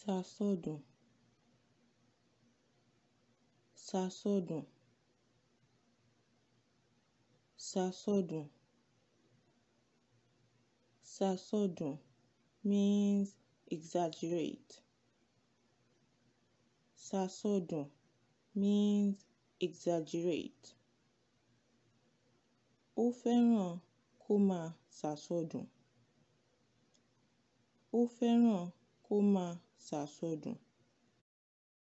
sasọ́dùn sasọ́dùn sasọ́dùn sasọ́dùn means exaggerate sasọ́dùn means exaggerate ó fẹ́ràn kó máa sàsọdùn ó fẹ́ràn kó máa ṣàsọdùn